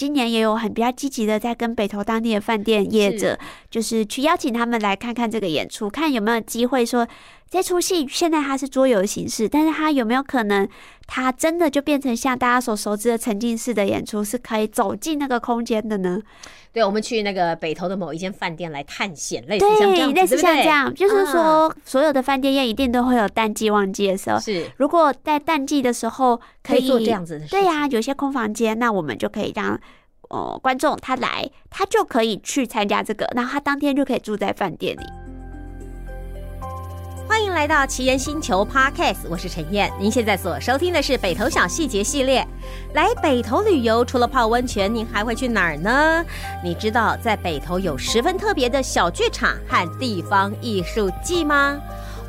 今年也有很比較積極的，在跟北投當地的飯店業者，就是去邀請他們來看看這個演出，是看有沒有機會說。這出戲現在它是桌遊的形式，但是它有沒有可能，它真的就變成像大家所熟知的沉浸式的演出，是可以走進那個空間的呢？對，我們去那個北投的某一間飯店來探險，對類似像這樣，對不對？對，像這樣，就是說、嗯、所有的飯店業一定都會有淡季旺季的時候。是。如果在淡季的時候可以，可以做這樣子的事情，對呀、啊，有些空房間，那我們就可以讓哦、呃、觀眾他來，他就可以去參加這個，然後他當天就可以住在飯店裡。來到奇岩星球 Podcast，我是陳彥。您現在所收聽的是北投小戲節系列。來北投旅遊，除了泡溫泉，您還會去哪兒呢？你知道在北投有十分特別的小劇場和地方藝術季嗎？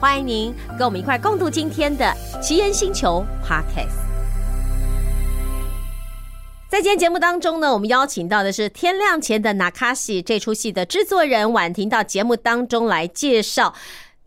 歡迎您跟我們一塊共度今天的奇岩星球 Podcast。在今天節目當中呢，我們邀請到的是《天亮前的那卡西》這出戲的制作人琬婷到節目當中來介紹。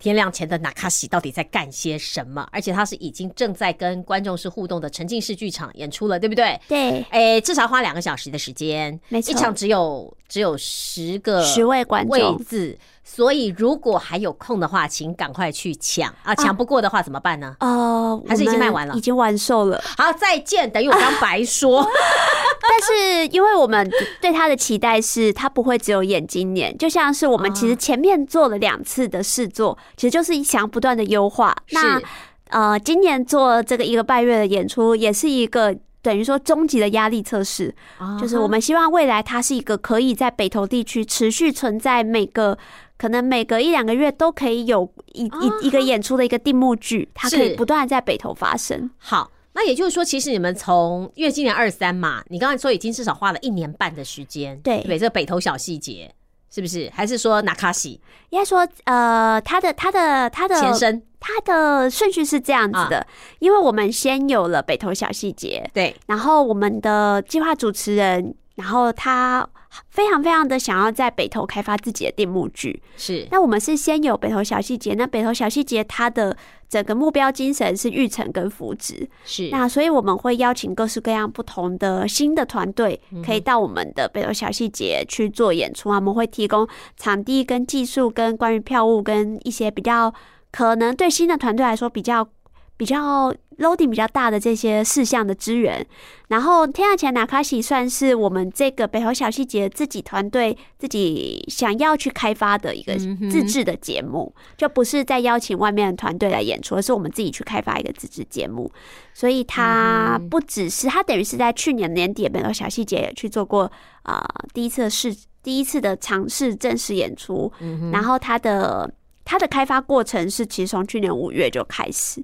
天亮前的那卡西到底在幹些什麼？而且他是已經正在跟觀眾是互動的沉浸式劇場演出了，對不對？對，誒，至少花兩個小時的時間，沒錯 一場只有只有十個十位觀眾位子。所以，如果還有空的話，請趕快去搶啊！搶不過的話怎麼辦呢？哦，還是已經賣完了，已經完售了。好，再見！等於我剛白說。 但是，因為我們對他的期待是，他不會只有演今年，就像是我們其實前面做了兩次的試作，其實就是想要不斷的優化。那呃，今年做這個一個半月的演出，也是一個等於說終極的壓力測試，就是我們希望未來它是一個可以在北投地區持續存在每個。可能每隔一兩個月都可以有一一一個演出的一個定目劇，啊、它可以不斷在北投發生。好，那也就是說，其實你們從因為今年二三嘛，你剛才說已經至少花了一年半的時間，對對，對這個、北投小戲節是不是？還是說那卡西應該說，呃，他的他的他的前身，他的順序是這樣子的，啊、因為我們先有了北投小戲節，對，然後我們的計劃主持人。然後他非常非常的想要在北投開發自己的定目劇，是。那我們是先有北投小戲節，那北投小戲節它的整個目標精神是育成跟扶植，是。那所以我們會邀請各式各樣不同的新的團隊可以到我們的北投小戲節去做演出啊，我、嗯、們會提供場地跟技術跟關於票務跟一些比較可能對新的團隊來說比較。比較 loading 比較大的這些事項的資源，然後《天亮前的那卡西》算是我們這個北投小戲節自己團隊自己想要去開發的一個自製的節目，就不是在邀請外面的團隊來演出，而是我們自己去開發一個自製節目。所以它不只是，它等於是在去年年底北投小戲節也去做過啊，第一次的試，第一次的嘗試正式演出，然後它的它的開發過程是其實從去年五月就開始。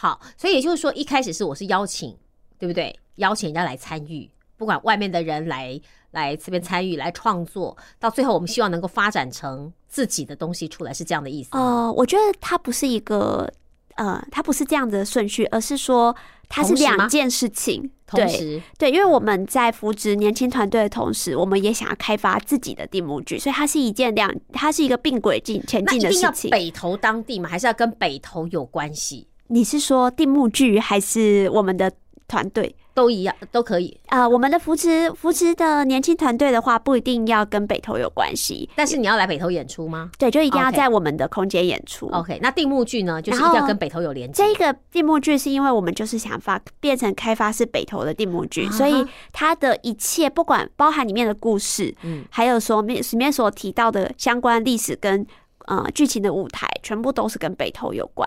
好，所以也就是說，一開始是我是邀請，對不對？邀請人家來參與，不管外面的人來來這邊參與、來創作，到最後我們希望能夠發展成自己的東西出來，是這樣的意思。哦、呃，我覺得它不是一個，呃，它不是這樣的順序，而是說它是兩件事情。同時？對，同時，對，因為我們在扶植年輕團隊的同時，我們也想要開發自己的地母具，所以它是一件兩，它是一個並軌進前進的事情。一定要北投當地嘛，還是要跟北投有關係？你是說定目劇還是我們的團隊都一樣，都可以啊、呃？我們的扶持扶持的年輕團隊的話，不一定要跟北投有關係。但是你要來北投演出嗎？對，就一定要在我們的空間演出。Okay. OK，那定目劇呢，就是一定要跟北投有連結。這個定目劇是因為我們就是想發變成開發是北投的定目劇，啊、哈所以它的一切不管包含裡面的故事，嗯，還有說面裡面所提到的相關歷史跟呃劇情的舞台，全部都是跟北投有關。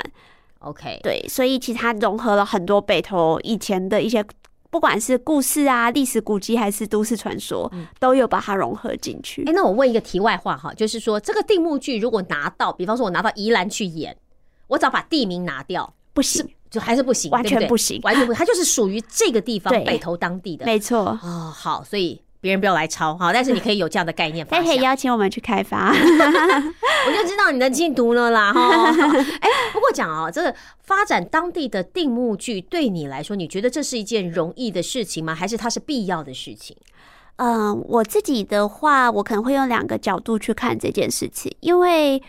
OK，對，所以其實它融合了很多北投以前的一些，不管是故事啊、歷史古蹟還是都市傳說，都有把它融合進去。哎、嗯，欸，那我問一個題外話哈，就是說，這個定目劇如果拿到，比方說我拿到宜蘭去演，我只要把地名拿掉，不行，就還是不行，完全對，不、對不行，完全不， 它就是屬於這個地方對北投當地的，沒錯 錯。哦，好，所以。別人不要來抄哈，但是你可以有這樣的概念。 可以邀請我們去開發， 我就知道你能進讀了啦哈。哎，不過講哦，這個發展當地的定目劇對你來說，你覺得這是一件容易的事情嗎？還是它是必要的事情？嗯，呃，我自己的話，我可能會用兩個角度去看這件事情，因為。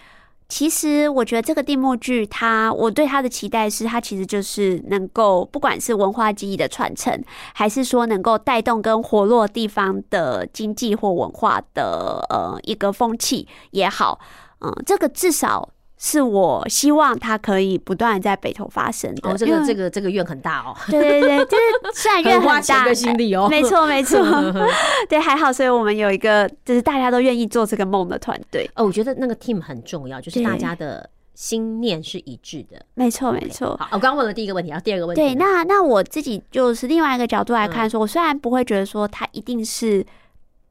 其實我覺得這個地幕劇，它我對它的期待是，它其實就是能夠，不管是文化記憶的傳承，還是說能夠帶動跟活絡地方的經濟或文化的呃一個風氣也好，嗯，這個至少。是我希望他可以不斷在北投發生，的這個這個這個願很大哦，對對對，就是雖然願很大，花幾個心理哦，沒錯沒錯，對，還好，所以我們有一個就是大家都願意做這個夢的團隊哦，我覺得那個 team 很重要，就是大家的心念是一致的，對 沒錯沒錯。哦、對 好，我剛問了第一個問題，然後第二個問題，對，那那我自己就是另外一個角度來看，說，我雖然不會覺得說他一定是。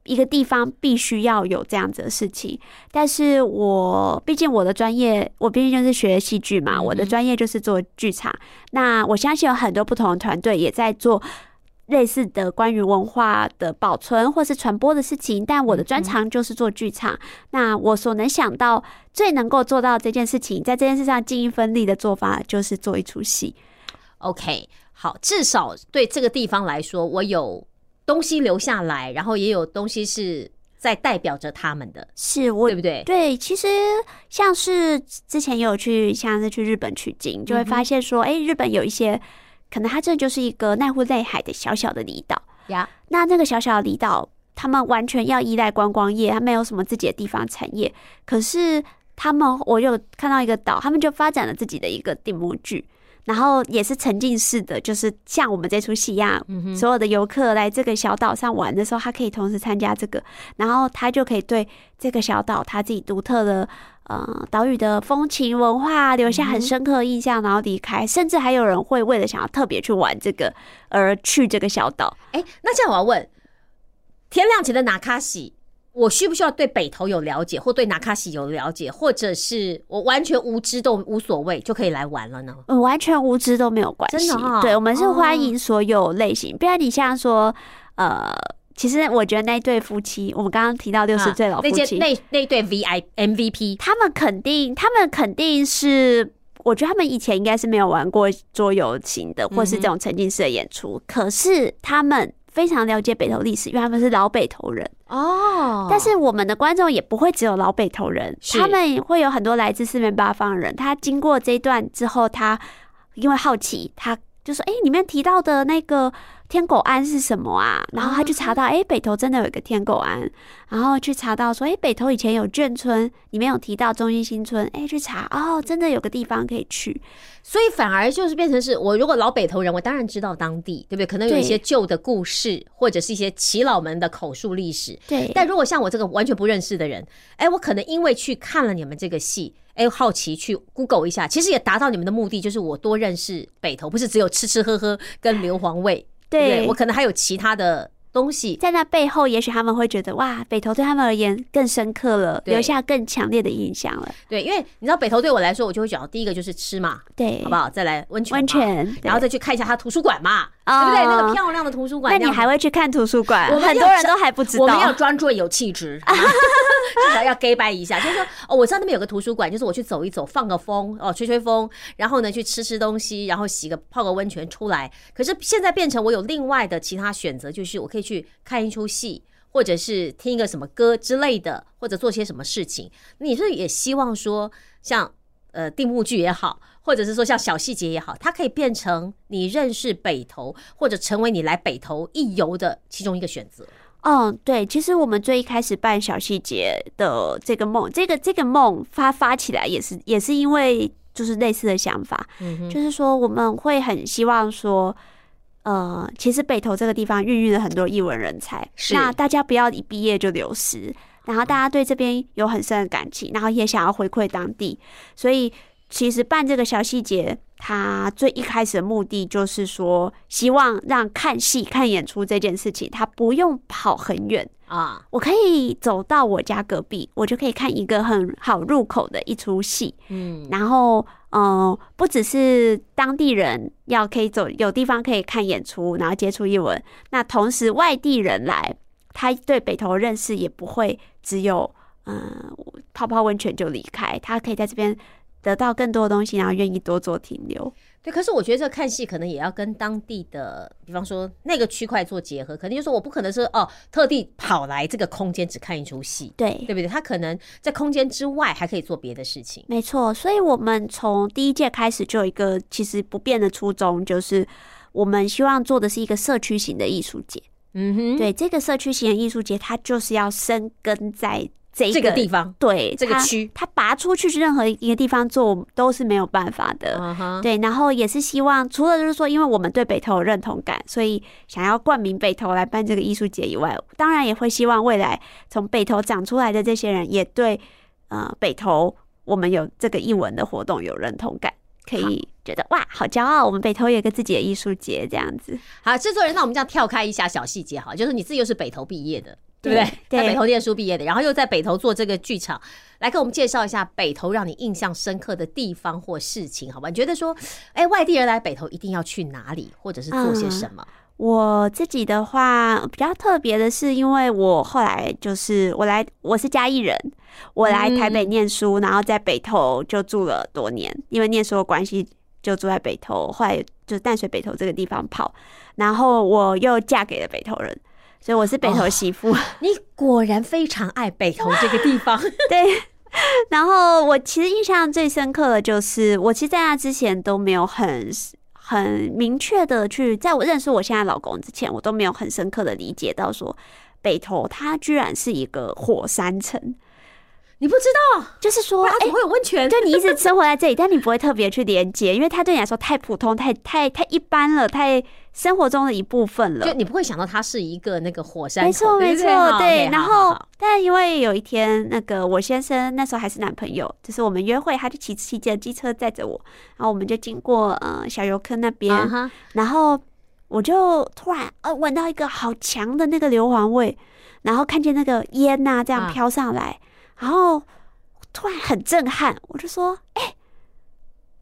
一個地方必須要有這樣子的事情，但是我畢竟我的專業，我畢竟就是學戲劇嘛，嗯嗯，我的專業就是做劇場。那我相信有很多不同的團隊也在做類似的關於文化的保存或是傳播的事情，但我的專長就是做劇場。嗯嗯，那我所能想到最能夠做到這件事情，在這件事上盡一份力的做法，就是做一出戲。OK，好，至少對這個地方來說，我有。東西留下來，然後也有東西是在代表着他們的，是，我對不對？對，其實像是之前也有去，像是去日本取經，就會發現說，哎、嗯哼欸，日本有一些，可能它這就是一個瀨戶內海的小小的離島呀。Yeah. 那那個小小的離島，他們完全要依賴觀光業，他沒有什麼自己的地方產業。可是他們，我有看到一個島，他們就發展了自己的一個定目劇。然後也是沉浸式的，就是像我們這齣戲一樣，嗯、哼所有的遊客來這個小島上玩的時候，他可以同時參加這個，然後他就可以對這個小島他自己獨特的呃島嶼的風情文化留下很深刻的印象，嗯、哼然後離開。甚至還有人會為了想要特別去玩這個而去這個小島。哎，那現在我要問天亮前的那卡西。我需不需要對北投有了解，或對那卡西有了解，或者是我完全無知都無所謂，就可以來玩了呢？嗯，完全無知都沒有關係，真的、哦。對，我們是歡迎所有類型。不然你像說，呃，其實我覺得那對夫妻，我們剛剛提到六十歲老夫妻、啊，那那，那對 V I M V P，他們肯定，他們肯定是，我覺得他們以前應該是沒有玩過桌遊型的，或是這種沉浸式的演出，嗯、哼 可是他們。非常了解北投歷史，因為他們是老北投人哦。Oh, 但是我們的觀眾也不會只有老北投人，是他們會有很多來自四面八方的人。他經過這一段之後，他因為好奇，他就說：“哎、欸，裡面提到的那個。”天狗庵是什麼啊？然後他就查到，哎，北投真的有一個天狗庵，然後去查到說，哎，北投以前有眷村，你沒有提到中心新村，哎，去查，哦，真的有個地方可以去，所以反而就是變成是我如果老北投人，我當然知道當地，對不對？可能有一些舊的故事，或者是一些耆老們的口述歷史。對。但如果像我這個完全不認識的人，哎，我可能因為去看了你們這個戲，哎，好奇去 Google 一下，其實也達到你們的目的，就是我多認識北投，不是只有吃吃喝喝跟硫磺味。對，我可能還有其他的東西在那背後，也許他們會覺得哇，北投對他們而言更深刻了，留下更強烈的印象了。對，因為你知道，北投對我來說，我就會講第一個就是吃嘛，對，好不好？再來溫泉，溫泉，然後再去看一下他圖書館嘛，對不對？那個漂亮的圖書館，哦、那，那你還會去看圖書館？我們很多人都還不知道，我們要裝作有氣質，至少要假掰一下，就是說哦，我知道那邊有個圖書館，就是我去走一走，放個風哦，吹吹風，然後呢，去吃吃東西，然後洗個泡個溫泉出來。可是現在變成我有另外的其他選擇，就是我可以。去看一齣戲，或者是聽一個什麼歌之類的，或者做些什麼事情，你是也希望說像，像呃，定目劇也好，或者是說像小戲節也好，它可以變成你認識北投，或者成為你來北投一遊的其中一個選擇。嗯，oh, 對，其實我們最一開始辦小戲節的這個夢，這個這個夢發發起來也是也是因為就是類似的想法，嗯、mm，hmm. 就是說我們會很希望說。呃，其實北投這個地方孕育了很多藝文人才，是那大家不要一畢業就流失，然後大家對這邊有很深的感情，然後也想要回饋當地，所以。其實辦這個小戲節，他最一開始的目的就是說，希望讓看戲、看演出這件事情，他不用跑很遠啊。我可以走到我家隔壁，我就可以看一個很好入口的一齣戲。嗯，然後，嗯，不只是當地人要可以走，有地方可以看演出，然後接觸藝文。那同時外地人來，他對北投認識也不會只有嗯、呃，泡泡溫泉就離開。他可以在這邊。得到更多的東西，然後願意多做停留。對，可是我覺得這個看戲可能也要跟當地的，比方說那個區塊做結合，肯定就是我不可能是哦，特地跑來這個空間只看一出戲。對，對不對？他可能在空間之外還可以做別的事情。沒錯，所以我們從第一屆開始就有一個其實不變的初衷，就是我們希望做的是一個社區型的藝術節。嗯哼，對，這個社區型的藝術節，它就是要生根在。這，一個這個地方，對這個區他，他拔出去任何一個地方做都是沒有辦法的。啊、哈對，然後也是希望，除了就是說，因為我們對北投有認同感，所以想要冠名北投來辦這個藝術節以外，當然也會希望未來從北投長出來的這些人也對，呃，北投我們有這個藝文的活動有認同感，可以覺得好哇，好驕傲，我們北投有一個自己的藝術節這樣子。好，製作人，那我們這樣跳開一下小細節，哈，就是你自己又是北投畢業的。對不對？對？在北投念書畢業的，然後又在北投做這個劇場，來跟我們介紹一下北投讓你印象深刻的地方或事情，好吧？你覺得說，哎、欸，外地人來北投一定要去哪裡，或者是做些什麼？嗯、我自己的話比較特別的是，因為我後來就是我來我是嘉義人，我來台北念書，嗯、然後在北投就住了多年，因為念書的關係就住在北投，後來就淡水北投這個地方跑，然後我又嫁給了北投人。所以我是北投媳婦，oh, 你果然非常愛北投這個地方。 對，然後我其實印象最深刻的，就是我其實在那之前都沒有很很明確的去，在我認識我現在老公之前，我都沒有很深刻的理解到說北投它居然是一個火山城。你不知道，就是說，哎，會有溫泉、欸，就你一直生活在這裡， 但你不會特別去連接，因為它對你來說太普通、太太太一般了，太生活中的一部分了。就你不會想到它是一個那個火山，沒錯，沒錯，對。Okay, 然後，okay, 好好好。但因為有一天，那個我先生那時候還是男朋友，就是我們約會，他就騎騎着機車載着我，然後我們就經過呃小油坑那邊，uh huh. 然後我就突然呃聞到一個好強的那個硫磺味，然後看見那個煙吶、啊、這樣飄上來。Uh huh. 然後突然很震撼，我就說：“哎、欸，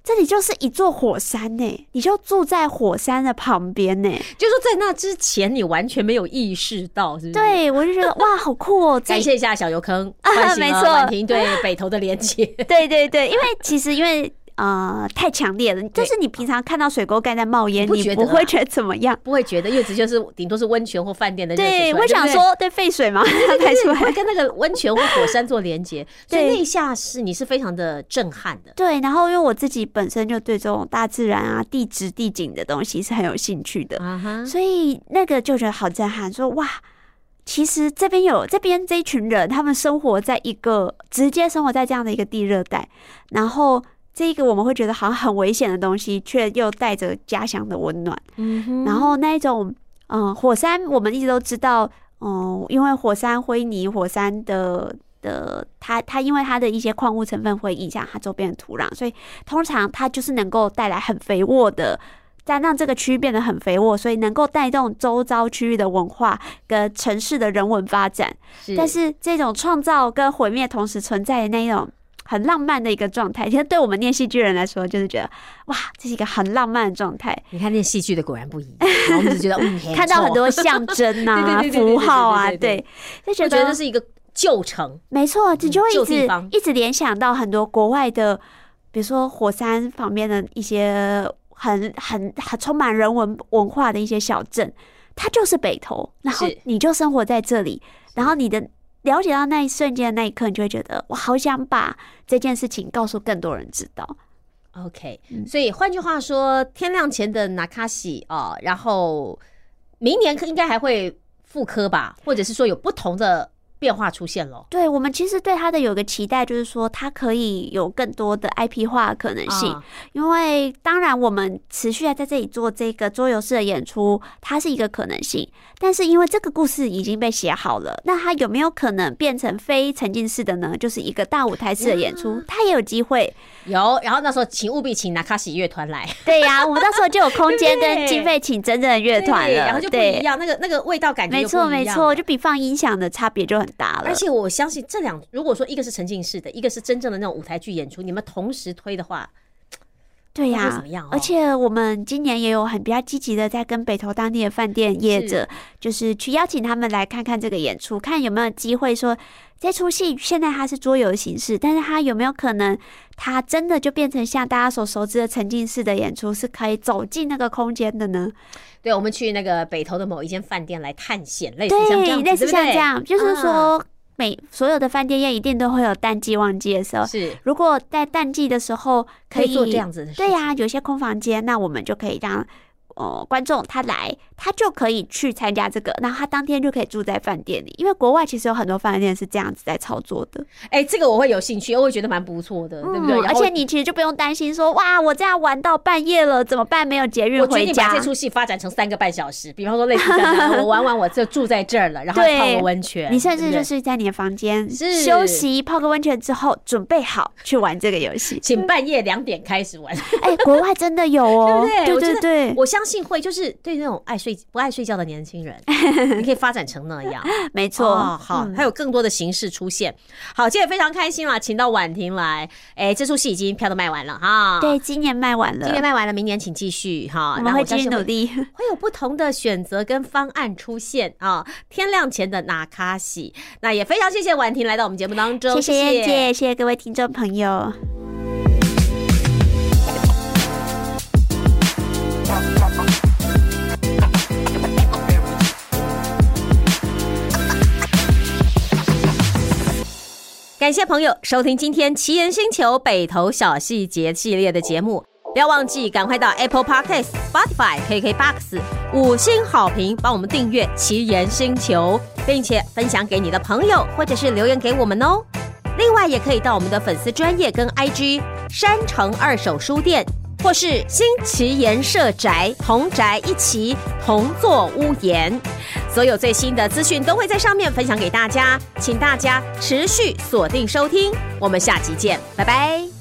這裡就是一座火山呢，你就住在火山的旁邊呢。”就是說，在那之前你完全沒有意識到，是不是？對，我就覺得 哇，好酷哦！感謝一下小油坑，啊，沒錯，婉婷對北投的連接。 對對對，因為其實因為。 啊，呃、太強烈了！就對 是你平常看到水溝蓋在冒煙，你不會覺得怎麼樣？不會覺得、啊，因為只就是頂多是溫泉或飯店的熱水出來對,對,對，我想說，對廢水嘛， 對 拍出來 會跟那個溫泉或火山做連接， 對 所以那一下是你是非常的震撼的。對，然後因為我自己本身就對這種大自然啊、地質、地景的東西是很有興趣的、uh，huh、所以那個就覺得好震撼。說哇，其實這邊有這邊這一群人，他們生活在一個直接生活在這樣的一個地熱帶，然後。這一個我們會覺得好像很危險的東西，卻又帶着家鄉的溫暖。嗯、哼然後那一種，嗯、呃，火山，我們一直都知道，嗯、呃，因為火山灰泥，火山的的它它，它因為它的一些礦物成分會影響它周邊的土壤，所以通常它就是能夠帶來很肥沃的，再讓這個區域變得很肥沃，所以能夠帶動周遭區域的文化跟城市的人文發展。是，但是這種創造跟毀滅同時存在的那一種。很浪漫的一個狀態，其實對我們念戲劇人來說，就是覺得哇，這是一個很浪漫的狀態。你看念戲劇的果然不一樣，我們只覺得哇，看到很多象徵吶，符號啊，對，就覺得這是一個舊城，沒錯，你就會一直一直聯想到很多國外的，比如說火山旁邊的一些很很很充滿人文文化的一些小鎮，它就是北投，然後你就生活在這裡，然後你的。了解到那一瞬間的那一刻，你就會覺得我好想把這件事情告訴更多人知道。OK，所以換句話說，天亮前的那卡西，啊，然後明年應該還會復刻吧，或者是說有不同的。變化出現了。對我們其實對他的有個期待，就是說他可以有更多的 IP 化的可能性。因為當然我們持續在在這裡做這個桌遊式的演出，它是一個可能性。但是因為這個故事已經被寫好了，那他有沒有可能變成非沉浸式的呢？就是一個大舞台式的演出，他也有機會。有，然後那時候請務必請那卡西樂團來。對呀、啊，我們到時候就有空間跟經費請真正的樂團了，然後就不一樣，那個那個味道感覺沒錯沒錯，就比放音響的差別就很。打了，而且我相信這，這兩如果說一個是沉浸式的，一個是真正的那種舞台劇演出，你們同時推的話。對呀，而且我們今年也有很比較積極的在跟北投當地的飯店業者，就是去邀請他們來看看這個演出，看有沒有機會說，這出戲現在它是桌遊的形式，但是它有沒有可能，它真的就變成像大家所熟知的沉浸式的演出，是可以走進那個空間的呢？對，我們去那個北投的某一間飯店來探險，類似像類似像這樣，就是說。每所有的飯店業一定都會有淡季旺季的時候。是，如果在淡季的時候可以做這樣子，對呀，啊，有些空房間，那我們就可以讓。哦，觀眾他來，他就可以去參加這個，然後他當天就可以住在飯店裡，因為國外其實有很多飯店是這樣子在操作的。哎，這個我會有興趣，我會覺得蠻不錯的，對不對？而且你其實就不用擔心說，哇，我這樣玩到半夜了怎麼辦？沒有節日回家。這出戲發展成三個半小時，比方說類似這樣，我玩完我就住在這兒了，然後泡個溫泉。你甚至就是在你的房間休息，泡個溫泉之後準備好去玩這個遊戲，請半夜兩點開始玩。哎，國外真的有哦，對對對，我相信。幸會就是對那種愛睡不愛睡覺的年輕人，你可以發展成那樣， 沒錯、哦。好，還有更多的形式出現。好，今天也非常開心啊！嗯、請到婉婷來。哎，這出戲已經票都賣完了哈。對，今年賣完了，今年賣完了，明年請繼續哈。我們會繼續努力，會有不同的選擇跟方案出現啊、哦。天亮前的那卡西。那也非常謝謝婉婷來到我們節目當中，謝謝，謝謝各位聽眾朋友。感謝，謝朋友收聽今天《奇岩星球》北投小戲節系列的節目，不要忘記趕快到 Apple Podcast、Spotify、KKBox 五星好評，幫我們訂閱《奇岩星球》，並且分享給你的朋友，或者是留言給我們哦。另外，也可以到我們的粉絲專頁跟 IG 山峸二手書店。或是新奇岩社宅同宅一起同坐屋檐所有最新的資訊都會在上面分享給大家，請大家持續鎖定收聽，我們下集見，拜拜。